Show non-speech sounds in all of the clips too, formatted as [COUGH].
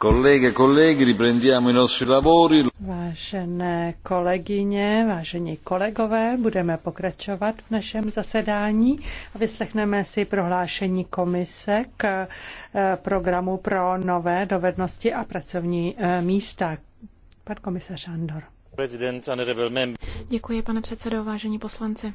Kolege, kolegi, e riprendiamo i nostri lavori. Vážené kolegyně, vážení kolegové, budeme pokračovat v našem zasedání a vyslechneme si prohlášení komise k eh, programu pro nové dovednosti a pracovní eh, místa. Pan komisař Andor. Děkuji, pane předsedo, vážení poslanci.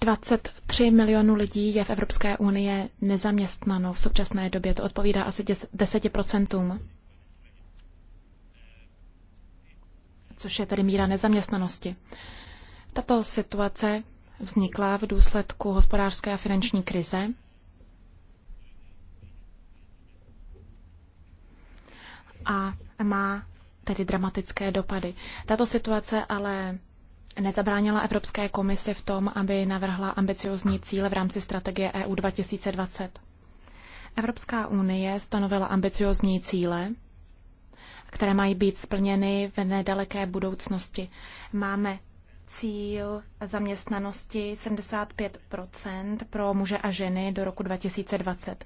23 milionů lidí je v Evropské unii nezaměstnanou v současné době. To odpovídá asi 10%, což je tedy míra nezaměstnanosti. Tato situace vznikla v důsledku hospodářské a finanční krize. A má tedy dramatické dopady. Tato situace ale nezabránila Evropské komisi v tom, aby navrhla ambiciozní cíle v rámci strategie EU 2020. Evropská unie stanovila ambiciozní cíle, které mají být splněny v nedaleké budoucnosti. Máme cíl zaměstnanosti 75 pro muže a ženy do roku 2020.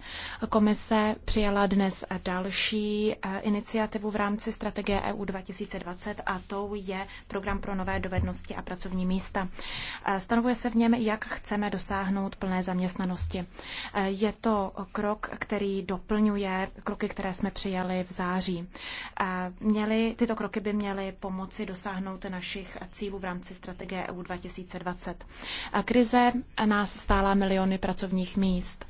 Komise přijala dnes další eh, iniciativu v rámci strategie EU 2020 a tou je program pro nové dovednosti a pracovní místa. Eh, stanovuje se v něm, jak chceme dosáhnout plné zaměstnanosti. Eh, je to krok, který doplňuje kroky, které jsme přijali v září. Měli, tyto kroky by měly pomoci dosáhnout našich cílů v rámci strategie strategie EU 2020. Krize nás stála miliony pracovních míst.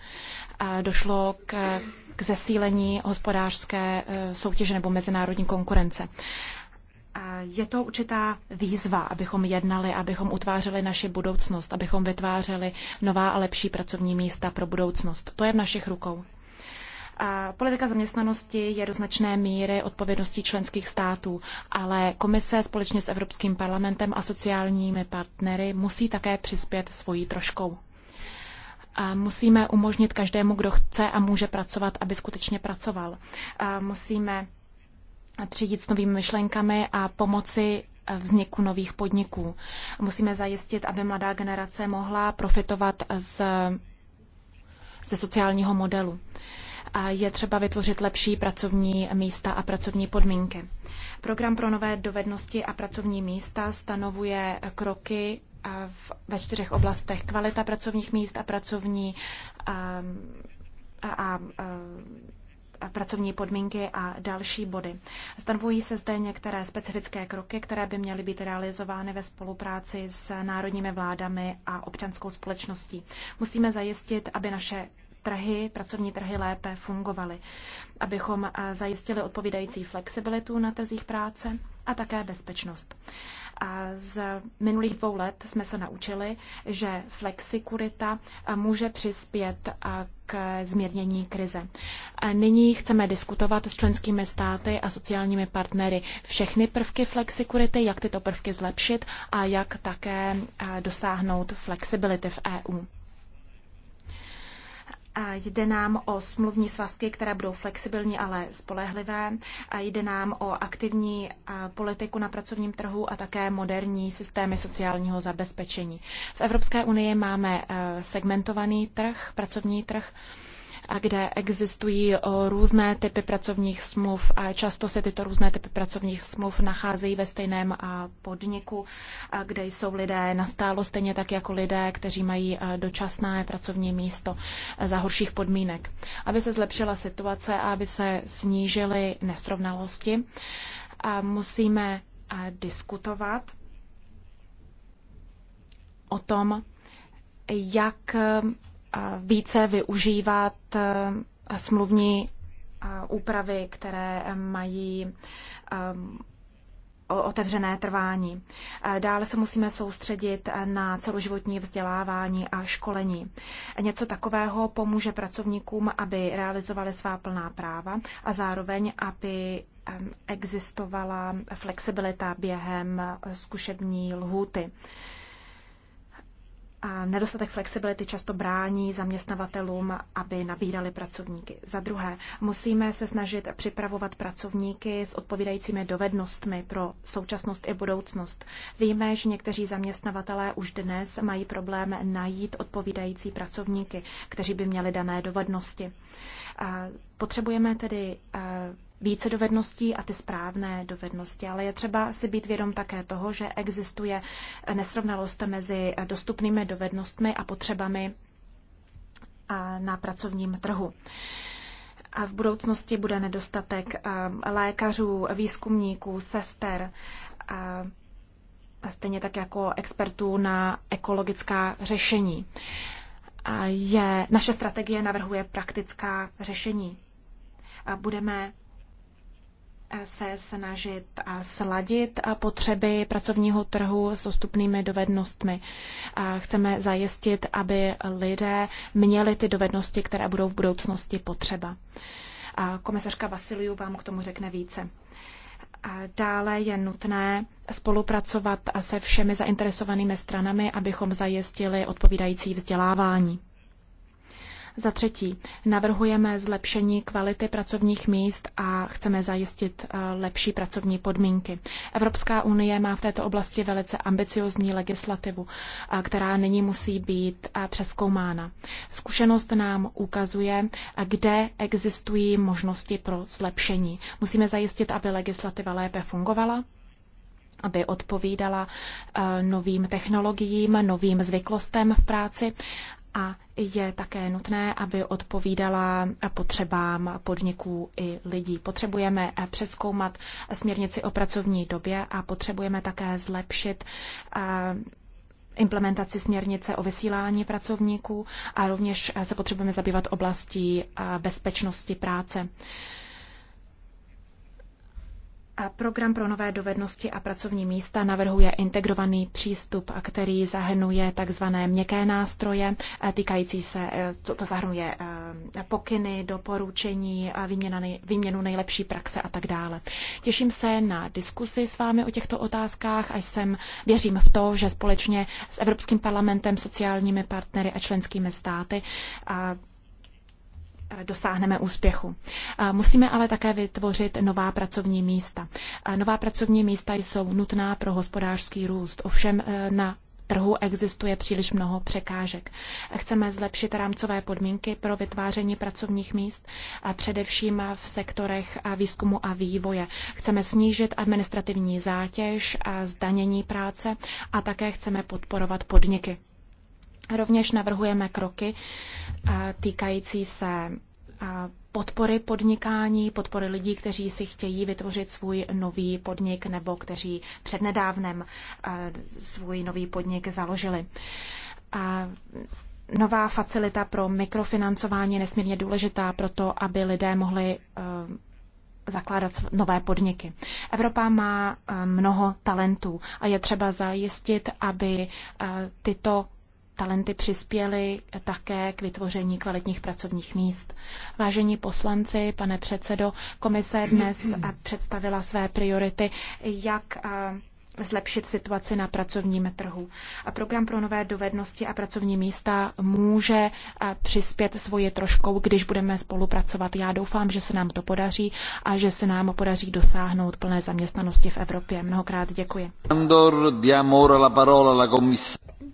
Došlo k, k zesílení hospodářské e, soutěže nebo mezinárodní konkurence. Je to určitá výzva, abychom jednali, abychom utvářeli naši budoucnost, abychom vytvářeli nová a lepší pracovní místa pro budoucnost. To je v našich rukou. Politika zaměstnanosti je do značné míry odpovědností členských států, ale komise společně s Evropským parlamentem a sociálními partnery musí také přispět svojí troškou. A musíme umožnit každému, kdo chce a může pracovat, aby skutečně pracoval. A musíme přijít s novými myšlenkami a pomoci vzniku nových podniků. Musíme zajistit, aby mladá generace mohla profitovat z, ze sociálního modelu je třeba vytvořit lepší pracovní místa a pracovní podmínky. Program pro nové dovednosti a pracovní místa stanovuje kroky v, ve čtyřech oblastech. Kvalita pracovních míst a pracovní a, um, a, a, a pracovní podmínky a další body. Stanovují se zde některé specifické kroky, které by měly být realizovány ve spolupráci s národními vládami a občanskou společností. Musíme zajistit, aby naše trhy, pracovní trhy lépe fungovaly, abychom zajistili odpovídající flexibilitu na trzích práce a také bezpečnost. A z minulých dvou let jsme se naučili, že flexikurita může přispět k zmírnění krize. A nyní chceme diskutovat s členskými státy a sociálními partnery všechny prvky flexikurity, jak tyto prvky zlepšit a jak také dosáhnout flexibility v EU. A jde nám o smluvní svazky, které budou flexibilní, ale spolehlivé. A jde nám o aktivní politiku na pracovním trhu a také moderní systémy sociálního zabezpečení. V Evropské unii máme e, segmentovaný trh, pracovní trh kde existují eh, různé typy pracovních smluv a často se tyto různé typy pracovních smluv nacházejí ve stejném podniku, kde jsou lidé nastálo stejně tak jako lidé, kteří mají eh, dočasné pracovní místo eh, za horších podmínek. Aby se zlepšila situace a aby se snížily nesrovnalosti, musíme diskutovat o tom, jak více využívat eh, smluvní eh, úpravy, které mají eh, otevřené trvání. Dále se musíme soustředit na celoživotní vzdělávání a školení. Něco takového pomůže pracovníkům, aby realizovali svá plná práva a zároveň, aby existovala flexibilita během zkušební lhůty. Nedostatek flexibility často brání zaměstnavatelům, aby nabírali pracovníky. Za druhé, musíme se snažit připravovat pracovníky s odpovídajícími dovednostmi pro současnost i budoucnost. Víme, že někteří zaměstnavatelé už dnes mají problém najít odpovídající pracovníky, kteří by měli dané dovednosti. Potřebujeme tedy eh, více dovedností a ty správné dovednosti. Ale je třeba si být vědom také toho, že existuje nesrovnalost mezi dostupnými dovednostmi a potřebami na pracovním trhu. A v budoucnosti bude nedostatek eh, lékařů, výzkumníků, sester, eh, a stejně tak jako expertů na ekologická řešení. je, naše strategie navrhuje praktická řešení. A budeme se snažit sladit potřeby pracovního trhu s dostupnými dovednostmi. Chceme zajistit, aby lidé měli ty dovednosti, které budou v budoucnosti potřeba. Komisařka Vasiliu vám k tomu řekne více. Dále je nutné spolupracovat se všemi zainteresovanými stranami, abychom zajistili odpovídající vzdělávání. Za třetí, navrhujeme zlepšení kvality pracovních míst a chceme zajistit eh, lepší pracovní podmínky. Evropská unie má v této oblasti velice ambiciozní legislativu, eh, která nyní musí být eh, přeskoumána. Zkušenost nám ukazuje, kde existují možnosti pro zlepšení. Musíme zajistit, aby legislativa lépe fungovala, aby odpovídala novým technologiím, novým zvyklostem v práci a je také nutné, aby odpovídala potřebám podniků i lidí. Potřebujeme přeskoumat směrnici o pracovní době a potřebujeme také zlepšit eh, implementaci směrnice o vysílání pracovníků a rovněž se potřebujeme zabývat oblastí eh, bezpečnosti práce. A program pro nové dovednosti a pracovní místa navrhuje integrovaný přístup, který zahrnuje takzvané měkké nástroje, eh, týkající se, eh, to, to zahrnuje eh, pokyny, doporučení, výměna, výměnu nejlepší praxe a tak dále. Těším se na diskusi s vámi o těchto otázkách a jsem, věřím v to, že společně s Evropským parlamentem, sociálními partnery a členskými státy a Eh, dosáhneme úspěchu. Eh, musíme ale také vytvořit nová pracovní místa. Eh, nová pracovní místa jsou nutná pro hospodářský růst, ovšem na trhu existuje příliš mnoho překážek. Chceme zlepšit rámcové podmínky pro vytváření pracovních míst, a především v sektorech výzkumu a vývoje. Chceme snížit administrativní zátěž a zdanění práce a také chceme podporovat podniky. Rovněž navrhujeme kroky eh, týkající se eh, podpory podnikání, podpory lidí, kteří si chtějí vytvořit svůj nový podnik nebo kteří přednedávnem eh, svůj nový podnik založili. A nová facilita pro mikrofinancování je nesmírně důležitá pro to, aby lidé mohli zakládat nové podniky. Evropa má mnoho talentů a je třeba zajistit, aby tyto talenty přispěly také k vytvoření kvalitních pracovních míst. Vážení poslanci, pane předsedo, komise dnes [CLEARS THROAT] představila své priority, jak eh, zlepšit situaci na pracovním trhu. A program pro nové dovednosti a pracovní místa může eh, přispět svoje troškou, když budeme spolupracovat. Já doufám, že se nám to podaří a že se nám podaří dosáhnout plné zaměstnanosti v Evropě. Mnohokrát děkuji.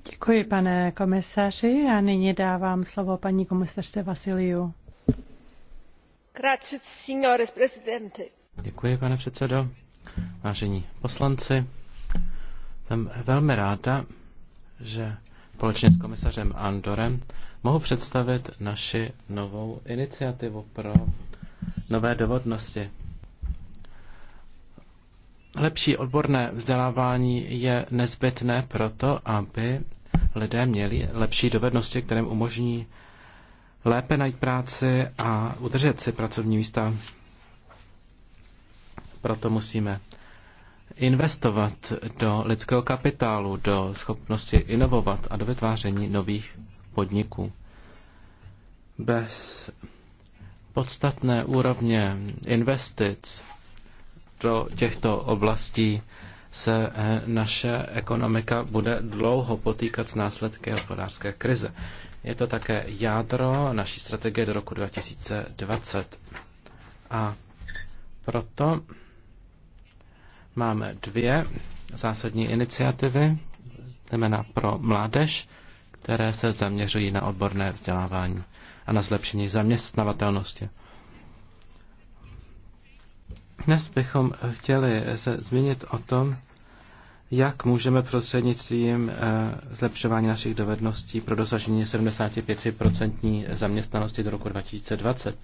Děkuji, pane komisaři, a nyní dávám slovo paní komisařce Vasiliu. Děkuji, pane předsedo. Vážení poslanci, jsem velmi ráda, že společně s komisařem Andorem mohu představit naši novou iniciativu pro nové dovodnosti. Lepší odborné vzdělávání je nezbytné proto, aby lidé měli lepší dovednosti, které umožní lépe najít práci a udržet si pracovní místa. Proto musíme investovat do lidského kapitálu, do schopnosti inovovat a do vytváření nových podniků. Bez podstatné úrovně investic do těchto oblastí se eh, naše ekonomika bude dlouho potýkat s následky hospodářské krize. Je to také jádro naší strategie do roku 2020. A proto Máme dvě zásadní iniciativy, zejména pro mládež, které se zaměřují na odborné vzdělávání a na zlepšení zaměstnavatelnosti. Dnes bychom chtěli se zmínit o tom, jak můžeme prostřednictvím eh, zlepšování našich dovedností pro dosažení 75% zaměstnanosti do roku 2020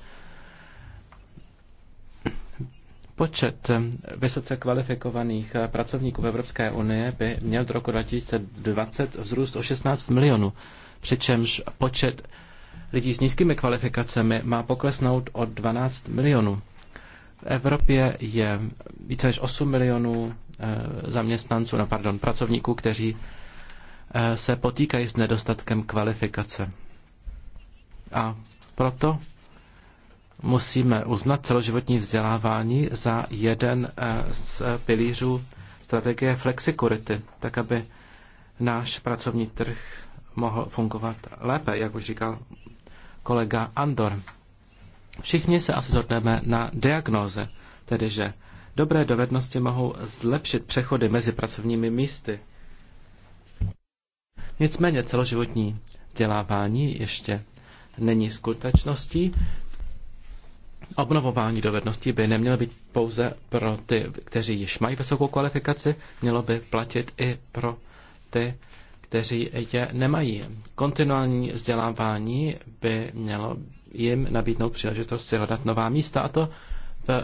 Počet eh, vysoce kvalifikovaných eh, pracovníků v Evropské unie by měl do roku 2020 vzrůst o 16 milionů, přičemž počet lidí s nízkými kvalifikacemi má poklesnout o 12 milionů. V Evropě je více než 8 milionů eh, zaměstnanců, no pardon, pracovníků, kteří se potýkají s nedostatkem kvalifikace. A proto musíme uznat celoživotní vzdělávání za jeden eh, z pilířů strategie flexikurity, tak aby náš pracovní trh mohl fungovat lépe, jak už říkal kolega Andor. Všichni se asi zhodneme na diagnoze, tedy že dobré dovednosti mohou zlepšit přechody mezi pracovními místy. Nicméně celoživotní vzdělávání ještě není skutečností. Obnovování dovedností by nemělo být pouze pro ty, kteří již mají vysokou kvalifikaci, mělo by platit i pro ty, kteří je nemají. Kontinuální vzdělávání by mělo jim nabídnout příležitost si hledat nová místa, a to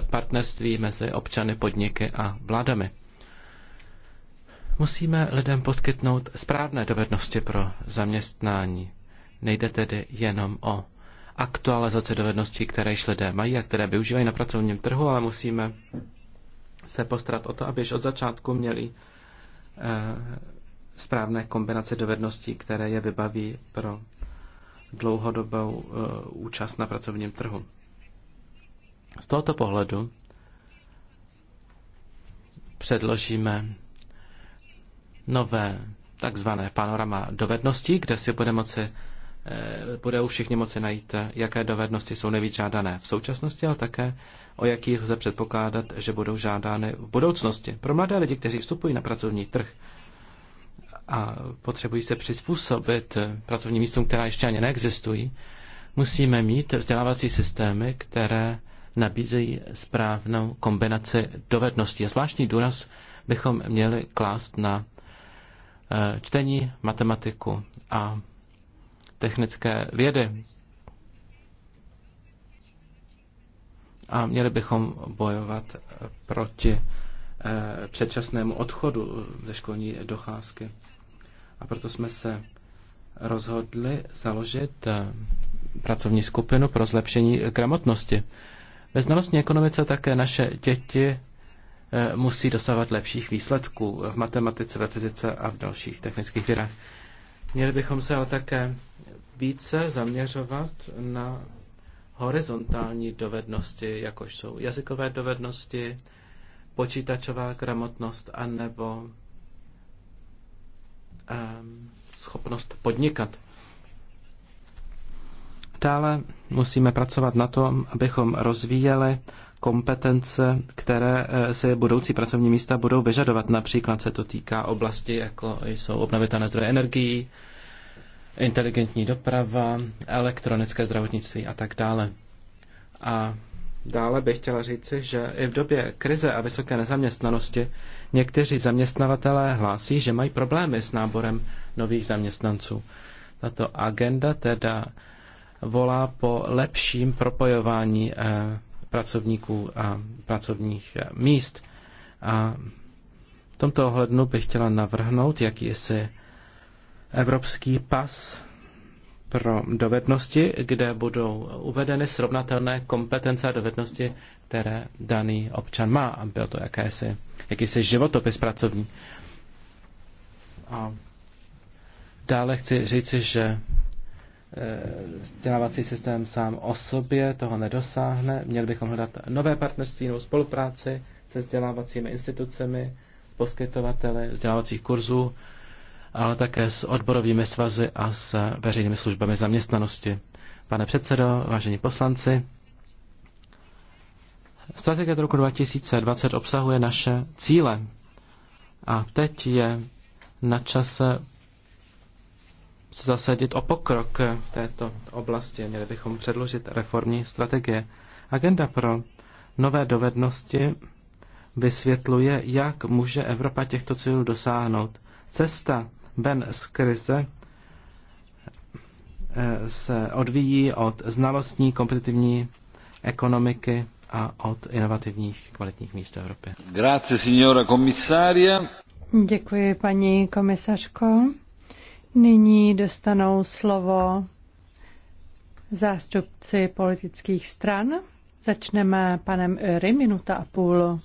v partnerství mezi občany, podniky a vládami. Musíme lidem poskytnout správné dovednosti pro zaměstnání. Nejde tedy jenom o aktualizace dovedností, které již lidé mají a které využívají na pracovním trhu, ale musíme se postarat o to, aby od začátku měli eh, správné kombinace dovedností, které je vybaví pro dlouhodobou eh, účast na pracovním trhu. Z tohoto pohledu předložíme nové takzvané panorama dovedností, kde si bude moci Eh, budou všichni moci najít, eh, jaké dovednosti jsou nejvíc žádané v současnosti, ale také o jakých lze předpokládat, že budou žádány v budoucnosti. Pro mladé lidi, kteří vstupují na pracovní trh a potřebují se přizpůsobit eh, pracovním místům, která ještě ani neexistují, musíme mít vzdělávací systémy, které nabízejí správnou kombinaci dovedností. A zvláštní důraz bychom měli klást na čtení, matematiku a technické vědy. A měli bychom bojovat proti eh, předčasnému odchodu ze školní docházky. A proto jsme se rozhodli založit eh, pracovní skupinu pro zlepšení gramotnosti. Ve znalostní ekonomice také naše děti eh, musí dosávat lepších výsledků v matematice, ve fyzice a v dalších technických vědách. Měli bychom se ale také více zaměřovat na horizontální dovednosti, jakož jsou jazykové dovednosti, počítačová gramotnost anebo um, schopnost podnikat. Dále musíme pracovat na tom, abychom rozvíjeli kompetence, které eh, se budoucí pracovní místa budou vyžadovat. Například se to týká oblasti, jako jsou obnovitelné zdroje energií, inteligentní doprava, elektronické zdravotnictví a tak dále. A dále bych chtěla říci, že i v době krize a vysoké nezaměstnanosti někteří zaměstnavatelé hlásí, že mají problémy s náborem nových zaměstnanců. Tato agenda teda volá po lepším propojování eh, pracovníků a pracovních eh, míst. A v tomto ohledu bych chtěla navrhnout jakýsi evropský pas pro dovednosti, kde budou uvedeny srovnatelné kompetence a dovednosti, které daný občan má. A byl to jakési, jakýsi životopis pracovní. A dále chci říci, že Eh, vzdělávací systém sám o sobě toho nedosáhne. Měli bychom hledat nové partnerství nebo spolupráci se vzdělávacími institucemi, poskytovateli vzdělávacích kurzů, ale také s odborovými svazy a s veřejnými službami zaměstnanosti. Pane předsedo, vážení poslanci, strategie do roku 2020 obsahuje naše cíle a teď je na čase zasadit o pokrok v této oblasti. Měli bychom předložit reformní strategie. Agenda pro nové dovednosti vysvětluje, jak může Evropa těchto cílů dosáhnout. Cesta ven z krize eh, se odvíjí od znalostní, kompetitivní ekonomiky a od inovativních kvalitních míst v Evropě. Grazie, signora komisária. Děkuji, paní komisařko. Nyní dostanou slovo zástupci politických stran. Začneme panem Öry, minuta a půl.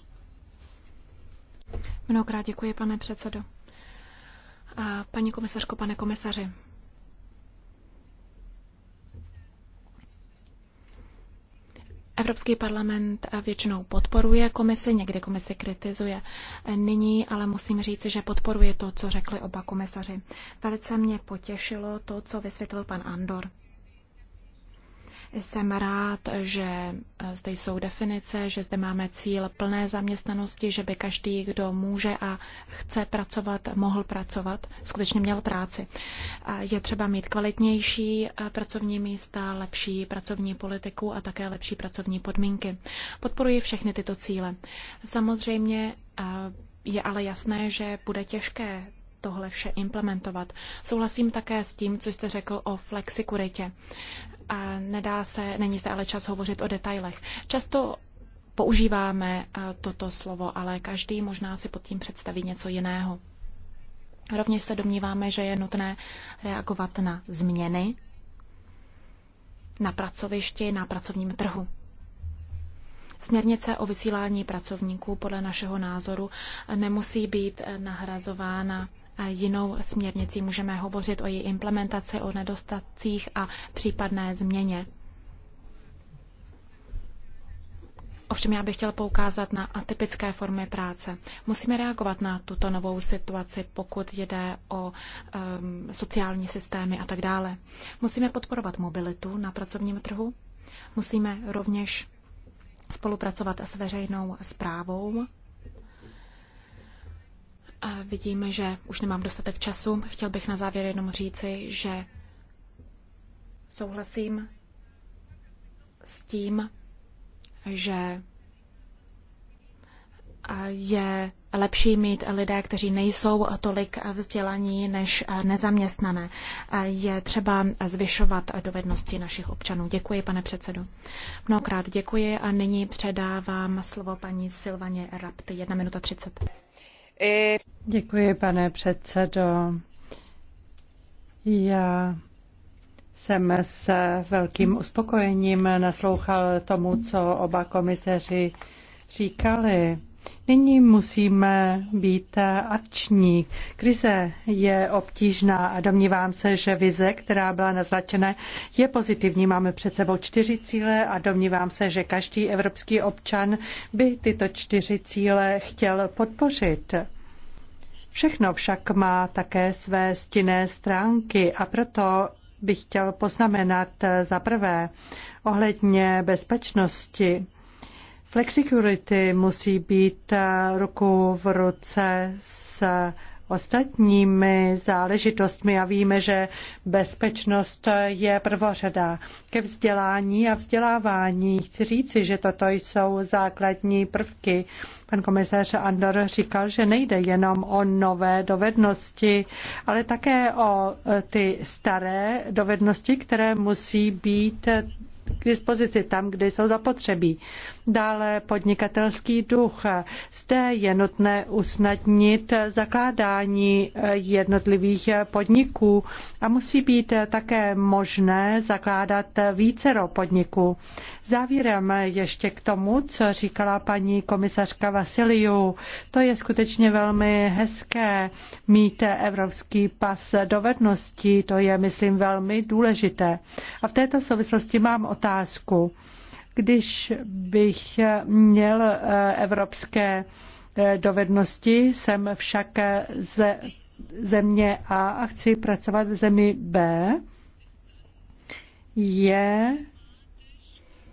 Mnohokrát děkuji, pane předsedo. A paní komisařko, pane komisaři, Evropský parlament většinou podporuje komisi, někdy komisi kritizuje. Nyní ale musím říci, že podporuje to, co řekli oba komisaři. Velice mě potěšilo to, co vysvětlil pan Andor. Jsem rád, že eh, zde jsou definice, že zde máme cíl plné zaměstnanosti, že by každý, kdo může a chce pracovat, mohl pracovat, skutečně měl práci. Je třeba mít kvalitnější eh, pracovní místa, lepší pracovní politiku a také lepší pracovní podmínky. Podporuji všechny tyto cíle. Samozřejmě eh, je ale jasné, že bude těžké tohle vše implementovat. Souhlasím také s tím, co jste řekl o flexikuritě. A nedá se, není zde ale čas hovořit o detailech. Často používáme eh, toto slovo, ale každý možná si pod tím představí něco jiného. Rovněž se domníváme, že je nutné reagovat na změny na pracovišti, na pracovním trhu. Směrnice o vysílání pracovníků podle našeho názoru nemusí být nahrazována jinou směrnicí. Můžeme hovořit o její implementaci, o nedostatcích a případné změně. Ovšem já bych chtěl poukázat na atypické formy práce. Musíme reagovat na tuto novou situaci, pokud jde o um, sociální systémy a tak dále. Musíme podporovat mobilitu na pracovním trhu. Musíme rovněž spolupracovat s veřejnou zprávou vidím, že už nemám dostatek času. Chtěl bych na závěr jenom říci, že souhlasím s tím, že je lepší mít lidé, kteří nejsou tolik vzdělaní než nezaměstnané. Je třeba zvyšovat dovednosti našich občanů. Děkuji, pane předsedo. Mnohokrát děkuji a nyní předávám slovo paní Silvaně Rapt. 1 minuta 30. Děkuji, pane předsedo. Já jsem s velkým uspokojením naslouchal tomu, co oba komisaři říkali. Nyní musíme být akční. Krize je obtížná a domnívám se, že vize, která byla naznačena, je pozitivní. Máme před sebou čtyři cíle a domnívám se, že každý evropský občan by tyto čtyři cíle chtěl podpořit. Všechno však má také své stinné stránky a proto bych chtěl poznamenat za prvé ohledně bezpečnosti. Flexicurity musí být eh, ruku v ruce s ostatními záležitostmi a víme, že bezpečnost je prvořada. Ke vzdělání a vzdělávání chci říci, že toto jsou základní prvky. Pan komisař Andor říkal, že nejde jenom o nové dovednosti, ale také o eh, ty staré dovednosti, které musí být k dispozici tam, kde jsou zapotřebí. Dále podnikatelský duch. Zde je nutné usnadnit zakládání jednotlivých podniků a musí být také možné zakládat vícero podniků. Závěrem ještě k tomu, co říkala paní komisařka Vasiliu. To je skutečně velmi hezké mít evropský pas dovedností, to je, myslím, velmi důležité. A v této souvislosti mám otázku. Když bych měl eh, evropské eh, dovednosti, jsem však eh, ze země A a chci pracovat v zemi B, je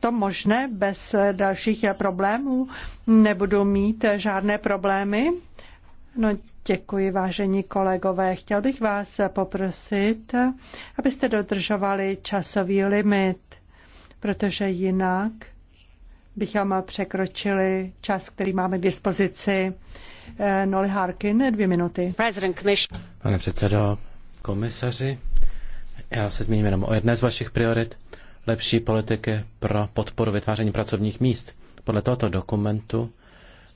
to možné bez dalších problémů? Nebudu mít žádné problémy? No, děkuji, vážení kolegové. Chtěl bych vás poprosit, abyste dodržovali časový limit protože jinak bychom překročili čas, který máme k dispozici. Eh, Noli Harkin, dvě minuty. Pane předsedo, komisaři, já se zmíním jenom o jedné z vašich priorit, lepší politiky pro podporu vytváření pracovních míst. Podle tohoto dokumentu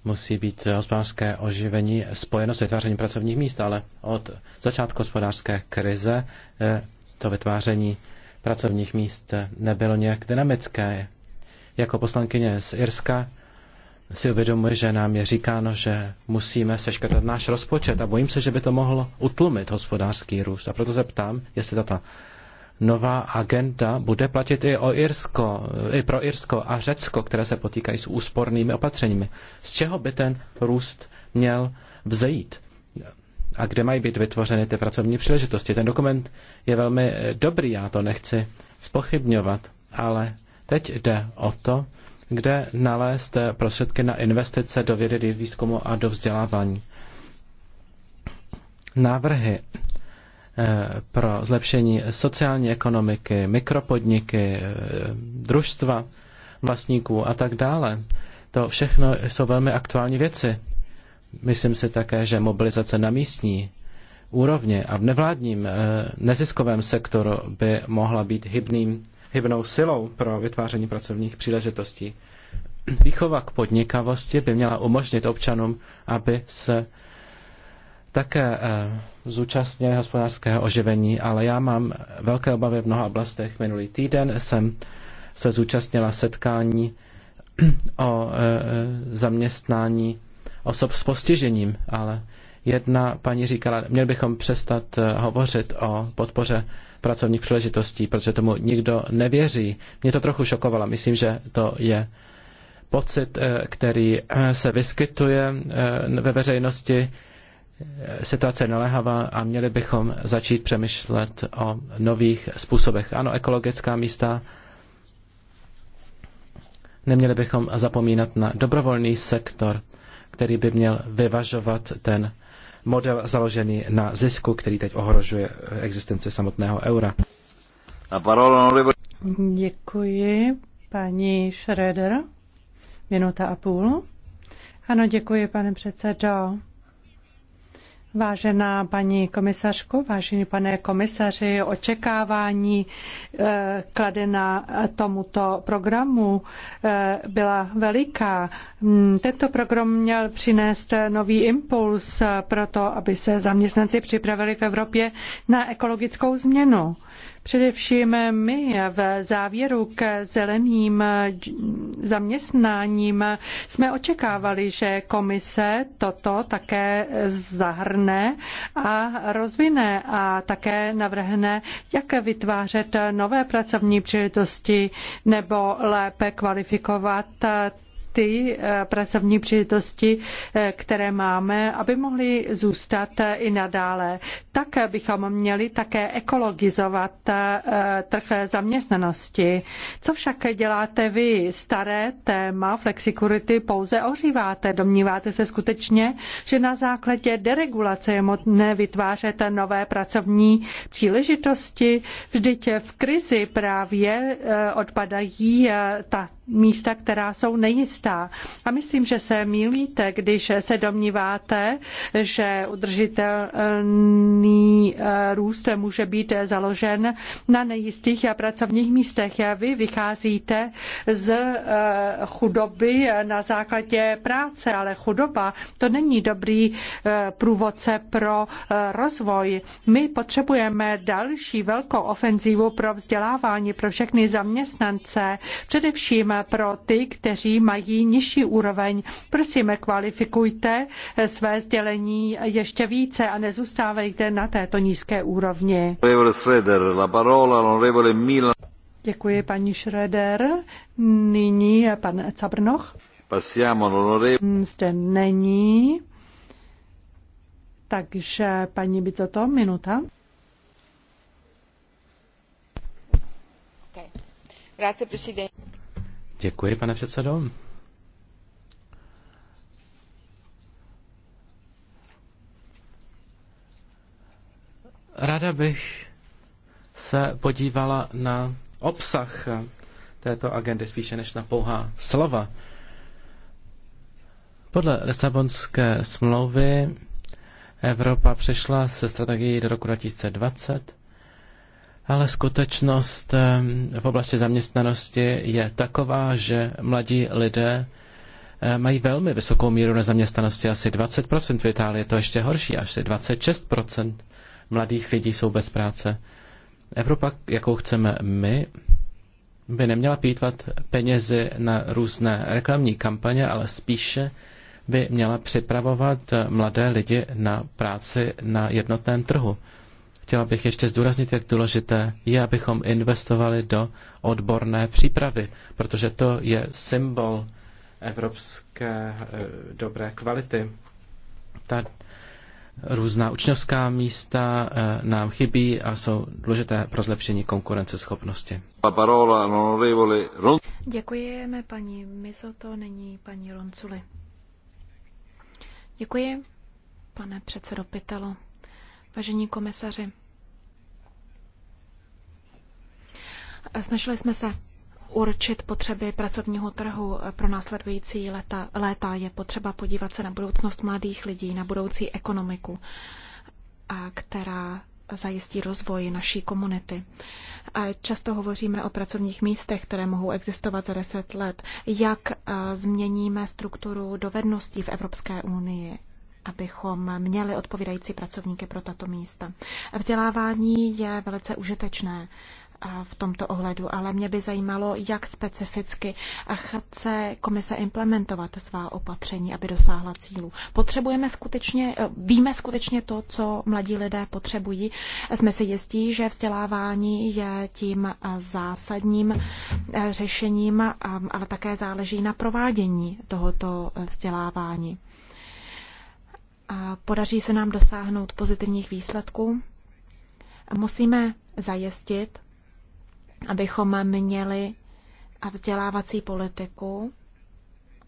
musí být hospodářské oživení spojeno s vytvářením pracovních míst, ale od začátku hospodářské krize eh, to vytváření pracovních míst nebylo nějak dynamické. Jako poslankyně z Irska si uvědomuji, že nám je říkáno, že musíme seškrtat náš rozpočet a bojím se, že by to mohlo utlumit hospodářský růst. A proto se ptám, jestli tato nová agenda bude platit i, o Irsko, i pro Irsko a Řecko, které se potýkají s úspornými opatřeními. Z čeho by ten růst měl vzejít? a kde mají být vytvořeny ty pracovní příležitosti. Ten dokument je velmi eh, dobrý, já to nechci spochybňovat, ale teď jde o to, kde nalézt eh, prostředky na investice do vědy, výzkumu a do vzdělávání. Návrhy eh, pro zlepšení sociální ekonomiky, mikropodniky, družstva vlastníků a tak dále. To všechno jsou velmi aktuální věci Myslím si také, že mobilizace na místní úrovni a v nevládním eh, neziskovém sektoru by mohla být hybným, hybnou silou pro vytváření pracovních příležitostí. Výchova k podnikavosti by měla umožnit občanům, aby se také eh, zúčastnili hospodářského oživení, ale já mám velké obavy v mnoha oblastech. Minulý týden jsem se zúčastnila setkání [CLEARS THROAT] o eh, zaměstnání osob s postižením, ale jedna paní říkala, měli bychom přestat eh, hovořit o podpoře pracovních příležitostí, protože tomu nikdo nevěří. Mě to trochu šokovalo. Myslím, že to je pocit, eh, který eh, se vyskytuje ve veřejnosti. Situace je naléhavá a měli bychom začít přemýšlet o nových způsobech. Ano, ekologická místa. Neměli bychom zapomínat na dobrovolný sektor který by měl vyvažovat ten model založený na zisku, který teď ohrožuje existenci samotného eura. Děkuji, paní Schroeder. Minuta a půl. Ano, děkuji, pane předsedo. Vážená paní komisařko, vážený pane komisaři, očekávání eh, kladená tomuto programu eh, byla veliká. Hmm, tento program měl přinést nový impuls pro to, aby se zaměstnanci připravili v Evropě na ekologickou změnu. Především my v závěru k zeleným zaměstnáním jsme očekávali, že komise toto také zahrne a rozvine a také navrhne, jak vytvářet nové pracovní příležitosti nebo lépe kvalifikovat ty eh, pracovní příležitosti, eh, které máme, aby mohly zůstat eh, i nadále. Tak bychom měli také ekologizovat trh zaměstnanosti. Co však děláte vy? Staré téma flexikurity pouze ohříváte. Domníváte se skutečně, že na základě deregulace je možné vytvářet nové pracovní příležitosti? Vždyť v krizi právě odpadají ta místa, která jsou nejistá. A myslím, že se mýlíte, když se domníváte, že udržitelný eh, růst může být založen na nejistých a pracovních místech. Vy vycházíte z eh, chudoby na základě práce, ale chudoba to není dobrý eh, průvodce pro rozvoj. My potřebujeme další velkou ofenzívu pro vzdělávání pro všechny zaměstnance, především pro ty, kteří mají nižší úroveň. Prosím, kvalifikujte své sdělení ještě více a nezůstávejte na této nízké úrovni. Děkuji, paní Schroeder. Nyní je pan Cabrnoch. Zde není. Takže paní Bicoto, minuta. Okay. Grazie, Presidente. Děkuji, pane předsedo. Ráda bych se podívala na obsah této agendy spíše než na pouhá slova. Podle Lisabonské smlouvy Evropa přešla se strategií do roku 2020 ale skutečnost v oblasti zaměstnanosti je taková, že mladí lidé mají velmi vysokou míru nezaměstnanosti, asi 20% v Itálii, to ještě horší, až 26% mladých lidí jsou bez práce. Evropa, jakou chceme my, by neměla pítvat penězi na různé reklamní kampaně, ale spíše by měla připravovat mladé lidi na práci na jednotném trhu. Chtěla bych ještě zdůraznit, jak důležité je, abychom investovali do odborné přípravy, protože to je symbol evropské eh, dobré kvality. Ta různá učňovská místa eh, nám chybí a jsou důležité pro zlepšení konkurenceschopnosti. Děkujeme paní Mizoto, není paní Ronculi. Děkuji, pane předsedo Pitelo. Vážení komisaři, Snažili jsme se určit potřeby pracovního trhu pro následující leta, léta. Je potřeba podívat se na budoucnost mladých lidí, na budoucí ekonomiku, a která zajistí rozvoj naší komunity. A často hovoříme o pracovních místech, které mohou existovat za deset let. Jak změníme strukturu dovedností v Evropské unii? abychom měli odpovídající pracovníky pro tato místa. Vzdělávání je velice užitečné v tomto ohledu, ale mě by zajímalo, jak specificky chce komise implementovat svá opatření, aby dosáhla cílu. Potřebujeme skutečně, eh, víme skutečně to, co mladí lidé potřebují. Jsme si jistí, že vzdělávání je tím eh, zásadním eh, řešením, ale také záleží na provádění tohoto vzdělávání. Podaří se nám dosáhnout pozitivních výsledků? Musíme zajistit, abychom měli vzdělávací politiku,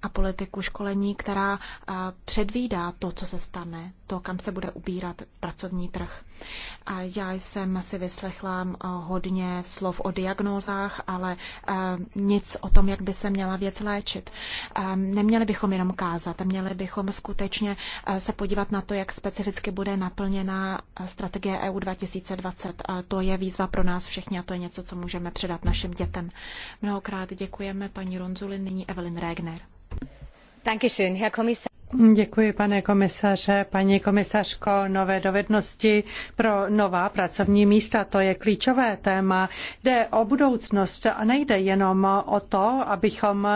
a politiku školení, která eh, předvídá to, co se stane, to, kam se bude ubírat pracovní trh. A já jsem si vyslechla eh, hodně slov o diagnózách, ale eh, nic o tom, jak by se měla věc léčit. Neměli bychom jenom kázat, měli bychom skutečně se podívat na to, jak specificky bude naplněna strategie EU 2020. A to je výzva pro nás všechny a to je něco, co můžeme předat našim dětem. Mnohokrát děkujeme paní Ronzuli, nyní Evelyn Regner herr kommissar! Děkuji, pane komisaře. Paní komisařko, nové dovednosti pro nová pracovní místa, to je klíčové téma. Jde o budoucnost a nejde jenom o to, abychom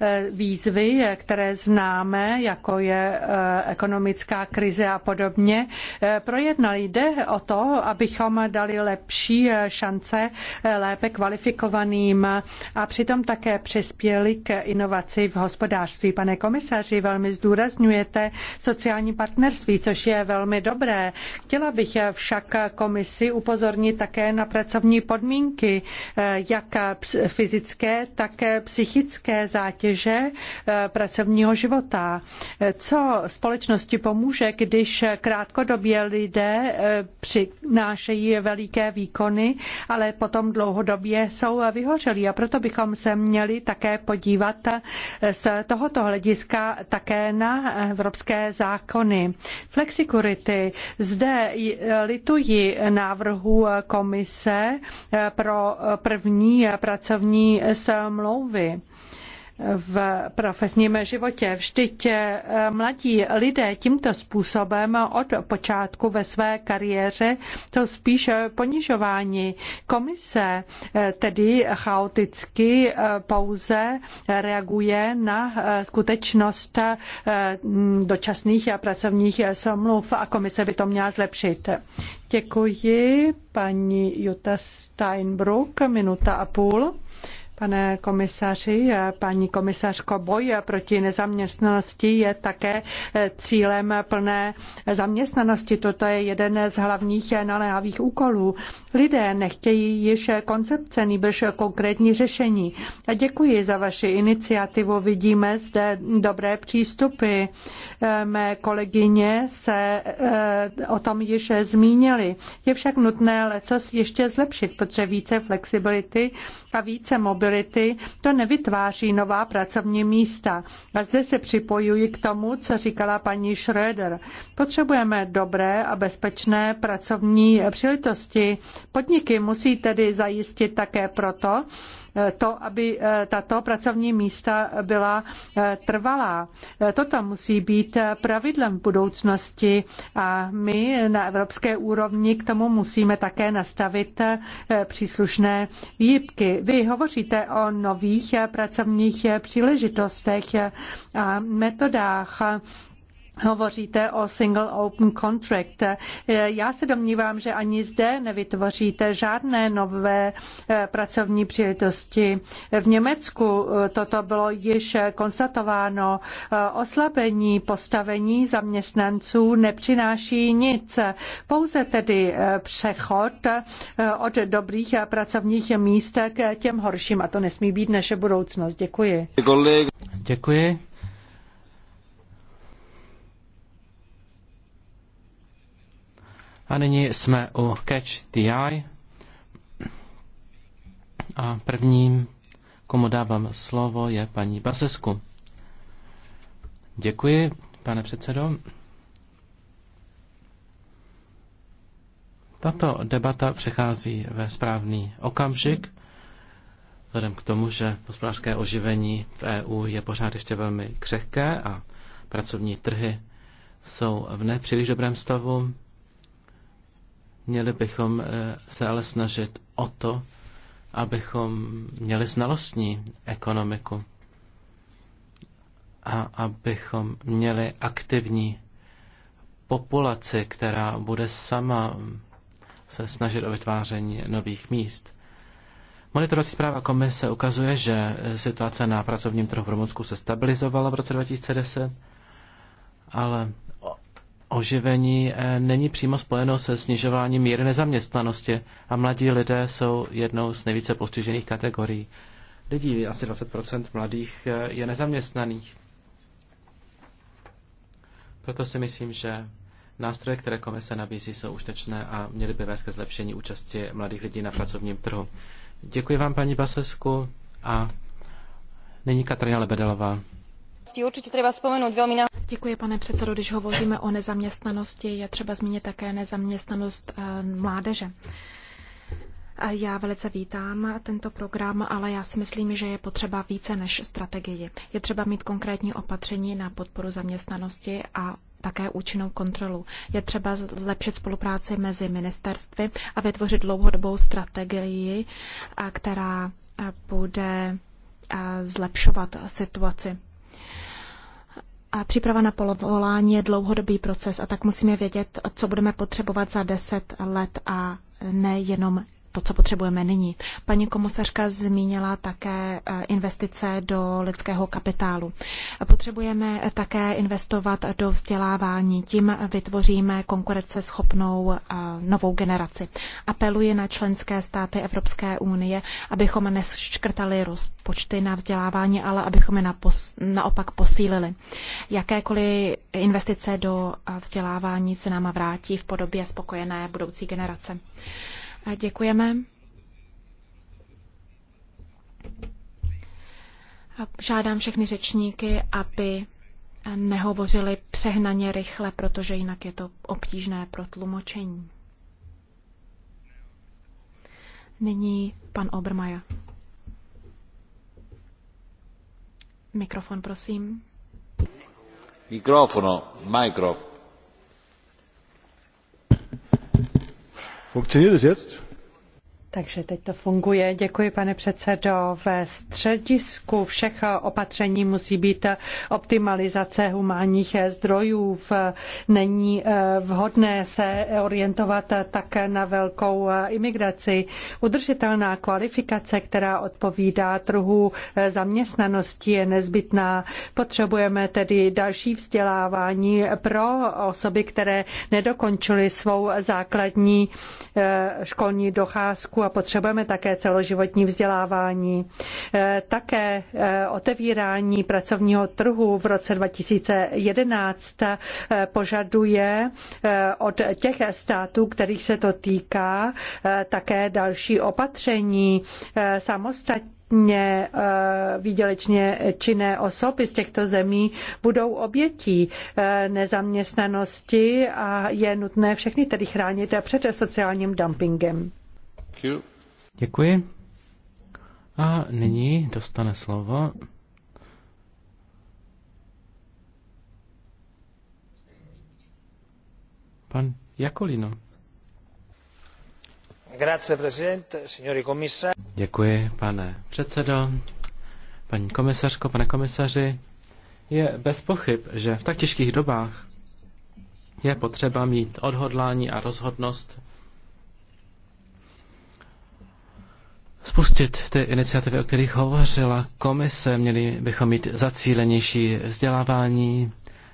eh, výzvy, které známe, jako je eh, ekonomická krize a podobně, eh, projednali. Jde o to, abychom dali lepší šance lépe kvalifikovaným a přitom také přispěli k inovaci v hospodářství. Pane komisaři, velmi zdůrazně zdůrazňujete sociální partnerství, což je velmi dobré. Chtěla bych však komisi upozornit také na pracovní podmínky, eh, jak fyzické, tak psychické zátěže eh, pracovního života. Eh, co společnosti pomůže, když krátkodobě lidé přinášejí veliké výkony, ale potom dlouhodobě jsou vyhořelí a proto bychom se měli také podívat z tohoto hlediska také na evropské zákony. Flexikurity. Zde lituji návrhu komise pro první pracovní smlouvy v profesním životě. Vždyť eh, mladí lidé tímto způsobem od počátku ve své kariéře to spíš eh, ponižování. Komise eh, tedy chaoticky pouze reaguje na skutečnost dočasných a pracovních smluv a komise by to měla zlepšit. Děkuji paní Jutta Steinbruck, minuta a půl. Pane komisaři, paní komisařko, boj proti nezaměstnanosti je také cílem plné zaměstnanosti. Toto je jeden z hlavních naléhavých úkolů. Lidé nechtějí již koncepce, nýbrž konkrétní řešení. A děkuji za vaši iniciativu. Vidíme zde dobré přístupy. Mé kolegyně se eh, o tom již zmínily. Je však nutné lecos ještě zlepšit, protože více flexibility a více mobility mobility, to nevytváří nová pracovní místa. A zde se připojuji k tomu, co říkala paní Schröder. Potřebujeme dobré a bezpečné pracovní příležitosti. Podniky musí tedy zajistit také proto, to, aby eh, tato pracovní místa byla eh, trvalá. Eh, toto musí být pravidlem v budoucnosti a my na evropské úrovni k tomu musíme také nastavit příslušné výjibky. Vy hovoříte o nových pracovních příležitostech a metodách. Hovoříte o single open contract. Já se domnívám, že ani zde nevytvoříte žádné nové eh, pracovní příležitosti. V Německu eh, toto bylo již konstatováno. Eh, oslabení postavení zaměstnanců nepřináší nic. Pouze tedy přechod od dobrých pracovních míst k těm horším. A to nesmí být naše budoucnost. Děkuji. Děkuji. A nyní jsme u Catch the Eye. A prvním, komu dávám slovo, je paní Basesku. Děkuji, pane předsedo. Tato debata přechází ve správný okamžik, vzhledem k tomu, že hospodářské oživení v EU je pořád ještě velmi křehké a pracovní trhy jsou v nepříliš dobrém stavu. Měli bychom eh, se ale snažit o to, abychom měli znalostní ekonomiku a abychom měli aktivní populaci, která bude sama se snažit o vytváření nových míst. Monitorovací zpráva komise ukazuje, že eh, situace na pracovním trhu v Rumunsku se stabilizovala v roce 2010, ale oživení eh, není přímo spojeno se snižováním míry nezaměstnanosti a mladí lidé jsou jednou z nejvíce postižených kategorií. Lidí asi 20% mladých eh, je nezaměstnaných. Proto si myslím, že nástroje, které komise nabízí, jsou užtečné a měly by vést ke zlepšení účasti mladých lidí na pracovním trhu. Děkuji vám, paní Basesku, a nyní Katarina Lebedelová. Určitě třeba vzpomenout velmi na... Děkuji, pane předsedo. Když hovoříme o nezaměstnanosti, je třeba zmínit také nezaměstnanost eh, mládeže. Já velice vítám tento program, ale já si myslím, že je potřeba více než strategii. Je třeba mít konkrétní opatření na podporu zaměstnanosti a také účinnou kontrolu. Je třeba zlepšit spolupráci mezi ministerstvy a vytvořit dlouhodobou strategii, která eh, bude eh, zlepšovat situaci. A příprava na polovolání je dlouhodobý proces a tak musíme vědět, co budeme potřebovat za deset let a ne jenom to, co potřebujeme nyní. Paní komisařka zmínila také eh, investice do lidského kapitálu. Potřebujeme eh, také investovat do vzdělávání, tím vytvoříme konkurenceschopnou eh, novou generaci. Apeluji na členské státy Evropské unie, abychom neškrtali rozpočty na vzdělávání, ale abychom je naopak posílili. Jakékoliv investice do vzdělávání se nám vrátí v podobě spokojené budoucí generace. Děkujeme. Žádám všechny řečníky, aby nehovořili přehnaně rychle, protože jinak je to obtížné pro tlumočení. Nyní pan Obermaja. Mikrofon, prosím. Mikrofono, mikrofon. funktioniert es jetzt? Takže teď to funguje. Děkuji, pane předsedo. Ve středisku všech opatření musí být optimalizace humánních zdrojů. Není eh, vhodné se orientovat také na velkou eh, imigraci. Udržitelná kvalifikace, která odpovídá trhu eh, zaměstnanosti, je nezbytná. Potřebujeme tedy další vzdělávání pro osoby, které nedokončily svou základní školní docházku a potřebujeme také celoživotní vzdělávání. Eh, také eh, otevírání pracovního trhu v roce 2011 eh, požaduje od těch států, kterých se to týká, také další opatření Samostatně výdělečně činné osoby z těchto zemí budou obětí nezaměstnanosti a je nutné všechny tedy chránit před sociálním dumpingem. Děkuji. A nyní dostane slovo pan Jakolino. Děkuji, pane předsedo, paní komisařko, pane komisaři. Je bez pochyb, že v tak těžkých dobách je potřeba mít odhodlání a rozhodnost spustit ty iniciativy, o kterých hovořila komise. Měli bychom mít zacílenější vzdělávání,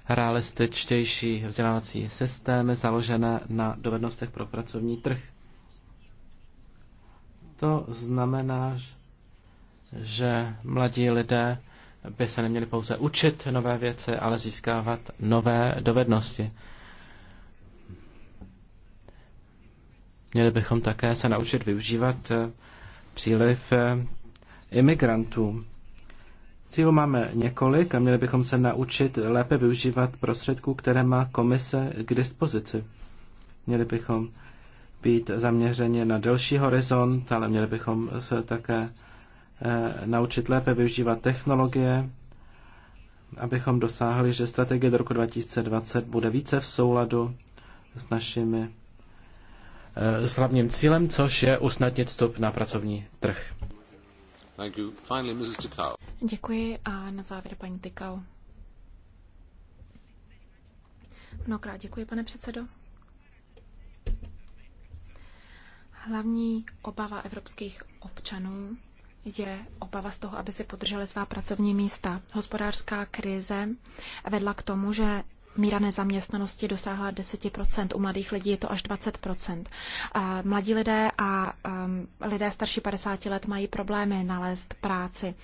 realističtější vzdělávací systémy založené na dovednostech pro pracovní trh. To znamená, že mladí lidé by se neměli pouze učit nové věci, ale získávat nové dovednosti. Měli bychom také se naučit využívat příliv eh, imigrantů. Cílu máme několik a měli bychom se naučit lépe využívat prostředků, které má komise k dispozici. Měli bychom být zaměřeni na delší horizont, ale měli bychom se také eh, naučit lépe využívat technologie, abychom dosáhli, že strategie do roku 2020 bude více v souladu s našimi Eh, s hlavním cílem, což je usnadnit vstup na pracovní trh. Finally, Děkuji a na závěr paní Tykau. Mnohokrát děkuji, pane předsedo. Hlavní obava evropských občanů je obava z toho, aby si podrželi svá pracovní místa. Hospodářská krize vedla k tomu, že Míra nezaměstnanosti dosáhla 10%, u mladých lidí je to až 20%. Mladí lidé a um, lidé starší 50 let mají problémy nalézt práci.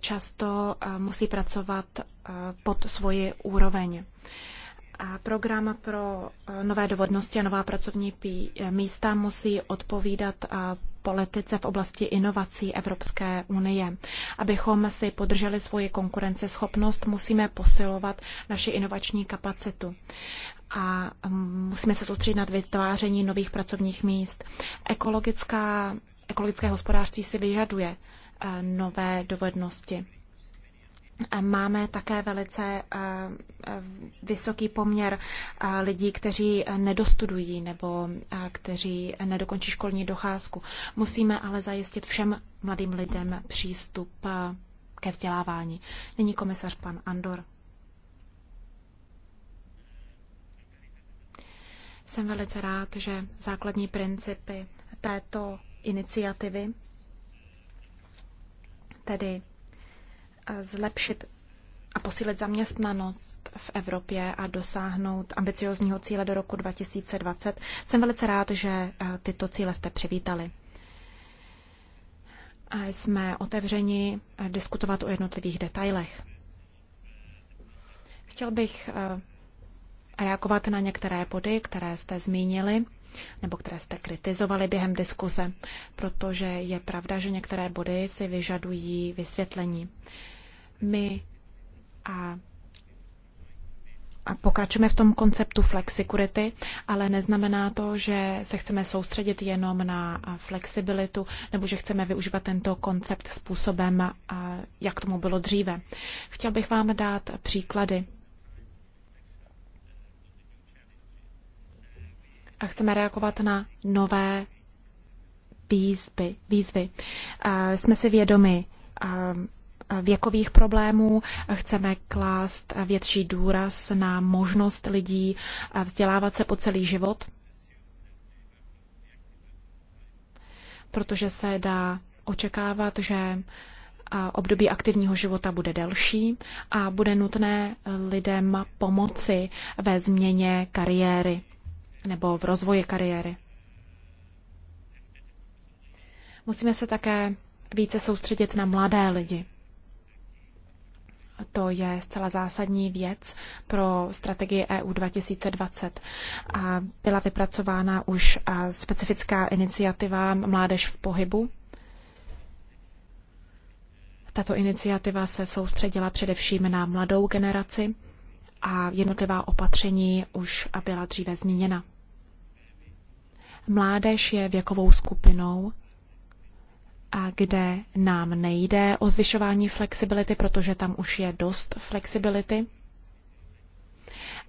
Často musí pracovat pod svoji úroveň. A program pro nové dovodnosti a nová pracovní místa musí odpovídat politice v oblasti inovací Evropské unie. Abychom si podrželi svoji konkurenceschopnost, musíme posilovat naši inovační kapacitu a mm, musíme se soustředit na vytváření nových pracovních míst. Ekologická, ekologické hospodářství si vyžaduje eh, nové dovednosti. Máme také velice eh, eh, vysoký poměr eh, lidí, kteří nedostudují nebo kteří nedokončí školní docházku. Musíme ale zajistit všem mladým lidem přístup ke vzdělávání. Nyní komisař pan Andor. Jsem velice rád, že základní principy této iniciativy, tedy zlepšit a posílit zaměstnanost v Evropě a dosáhnout ambiciozního cíle do roku 2020. Jsem velice rád, že eh, tyto cíle jste přivítali. A jsme otevřeni eh, diskutovat o jednotlivých detailech. Chtěl bych eh, reagovat na některé body, které jste zmínili nebo které jste kritizovali během diskuze, protože je pravda, že některé body si vyžadují vysvětlení. My a a pokračujeme v tom konceptu flexicurity, ale neznamená to, že se chceme soustředit jenom na flexibilitu nebo že chceme využívat tento koncept způsobem, jak tomu bylo dříve. Chtěl bych vám dát příklady. A chceme reagovat na nové výzvy. výzvy. Jsme si vědomi věkových problémů. Chceme klást větší důraz na možnost lidí eh, vzdělávat se po celý život, protože se dá očekávat, že eh, období aktivního života bude delší a bude nutné eh, lidem pomoci ve změně kariéry nebo v rozvoji kariéry. Musíme se také více soustředit na mladé lidi. To je zcela zásadní věc pro strategii EU 2020. A byla vypracována už specifická iniciativa Mládež v pohybu. Tato iniciativa se soustředila především na mladou generaci a jednotlivá opatření už byla dříve zmíněna. Mládež je věkovou skupinou, a kde nám nejde o zvyšování flexibility, protože tam už je dost flexibility.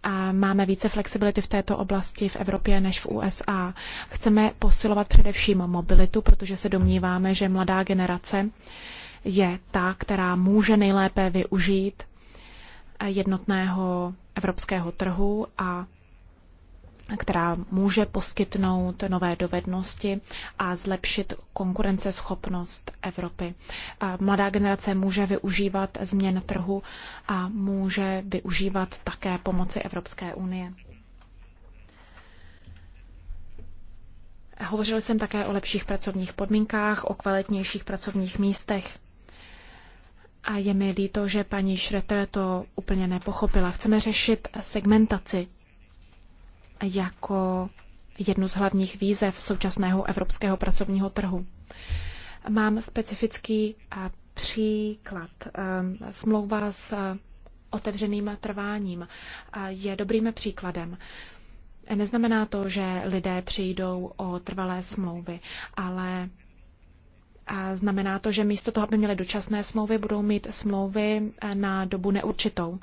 A máme více flexibility v této oblasti v Evropě než v USA. Chceme posilovat především mobilitu, protože se domníváme, že mladá generace je ta, která může nejlépe využít jednotného evropského trhu a která může poskytnout nové dovednosti a zlepšit konkurenceschopnost Evropy. Mladá generace může využívat změn trhu a může využívat také pomoci Evropské unie. Hovořil jsem také o lepších pracovních podmínkách, o kvalitnějších pracovních místech. A je mi líto, že paní Šreter to úplně nepochopila. Chceme řešit segmentaci jako jednu z hlavních výzev současného evropského pracovního trhu. Mám specifický příklad. Ehm, smlouva s otevřeným trváním je dobrým příkladem. Neznamená to, že lidé přijdou o trvalé smlouvy, ale znamená to, že místo toho, aby měli dočasné smlouvy, budou mít smlouvy e, na dobu neurčitou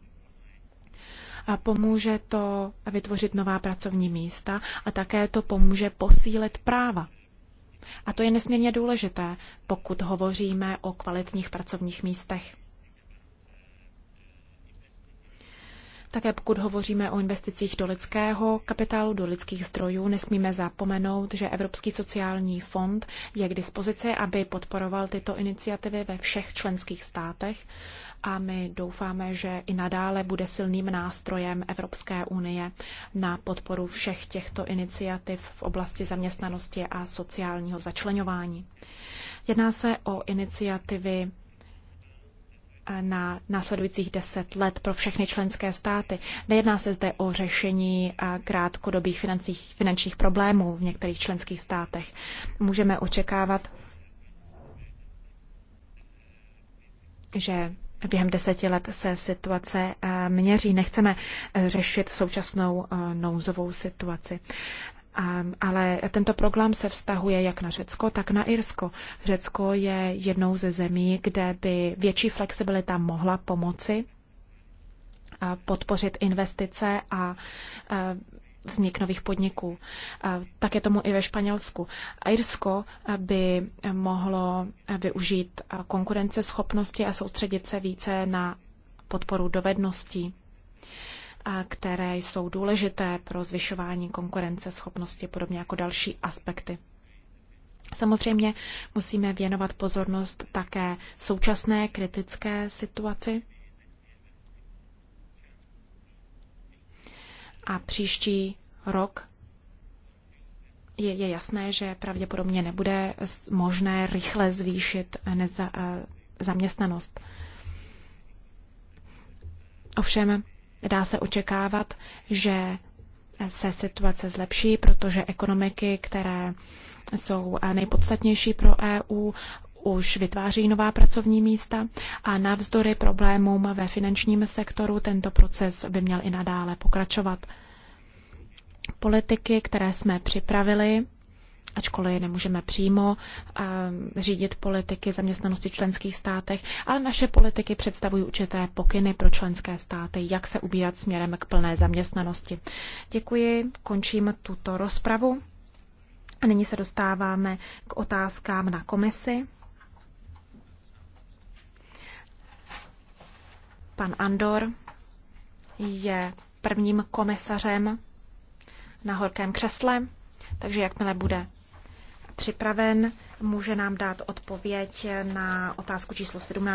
pomůže to vytvořit nová pracovní místa a také to pomůže posílit práva. A to je nesmírně důležité, pokud hovoříme o kvalitních pracovních místech. Také pokud hovoříme o investicích do lidského kapitálu, do lidských zdrojů, nesmíme zapomenout, že Evropský sociální fond je k dispozici, aby podporoval tyto iniciativy ve všech členských státech a my doufáme, že i nadále bude silným nástrojem Evropské unie na podporu všech těchto iniciativ v oblasti zaměstnanosti a sociálního začlenování. Jedná se o iniciativy na následujících deset let pro všechny členské státy. Nejedná se zde o řešení krátkodobých finančních, problémů v některých členských státech. Můžeme očekávat, že během deseti let se situace eh, měří. Nechceme eh, řešit současnou eh, nouzovou situaci ale tento program se vztahuje jak na Řecko, tak na Irsko. Řecko je jednou ze zemí, kde by větší flexibilita mohla pomoci podpořit investice a vznik nových podniků. Tak je tomu i ve Španělsku. Irsko by mohlo využít konkurenceschopnosti a soustředit se více na podporu dovedností a které jsou důležité pro zvyšování konkurenceschopnosti, podobně jako další aspekty. Samozřejmě musíme věnovat pozornost také současné kritické situaci. A příští rok je, je jasné, že pravděpodobně nebude možné rychle zvýšit neza, eh, zaměstnanost. Ovšem, Dá se očekávat, že se situace zlepší, protože ekonomiky, které jsou nejpodstatnější pro EU, už vytváří nová pracovní místa a navzdory problémům ve finančním sektoru tento proces by měl i nadále pokračovat. Politiky, které jsme připravili, ačkoliv nemůžeme přímo eh, řídit politiky zaměstnanosti v členských státech, ale naše politiky představují určité pokyny pro členské státy, jak se ubírat směrem k plné zaměstnanosti. Děkuji, končím tuto rozpravu. A nyní se dostáváme k otázkám na komisi. Pan Andor je prvním komisařem na horkém křesle, takže jakmile bude připraven, může nám dát odpověď na otázku číslo 17.